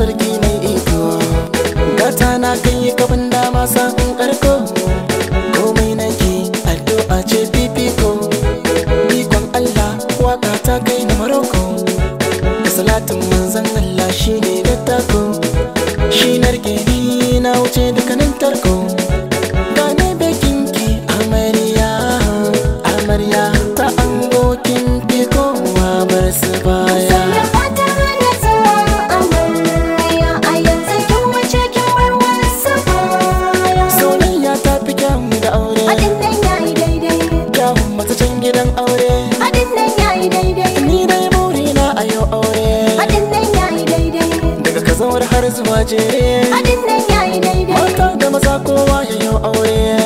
sarki mai iko gata na kan yi kafin dama san karko komai na ke addu'a ce fifiko ikon Allah waka ta kai na maroko salatin manzon Allah ne da tako shi narke ni na wuce dukkanin tarko Hadin nan yayi daidai Kyawun matacin gidan aure Hadin nan yayi daidai Ni dai burina a yau aure Hadin nan yayi daidai Daga kazawar har zuwa jere Hadin nan yayi daidai Mata da maza kowa ya yau aure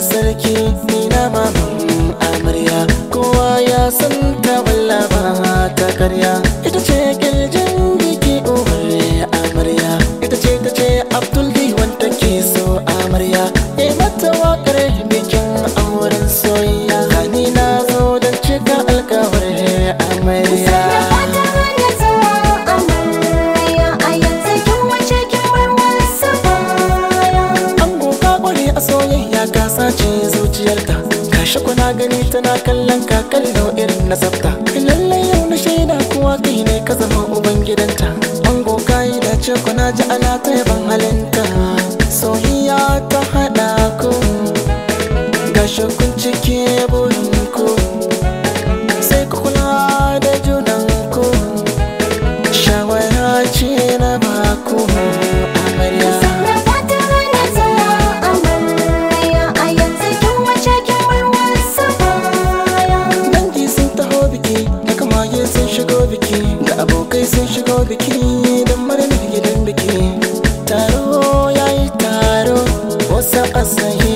sarki ni na mamun amarya kowa ya san ta wallaba ta karya na gani tana kallon ka kallo irin na tsafta lallai yau na shaida kuwa kai ne ka zama uban gidanta ango kayi dace na ji ana ta zo biki don murnar gidan biki taro yayi taro wasu asahi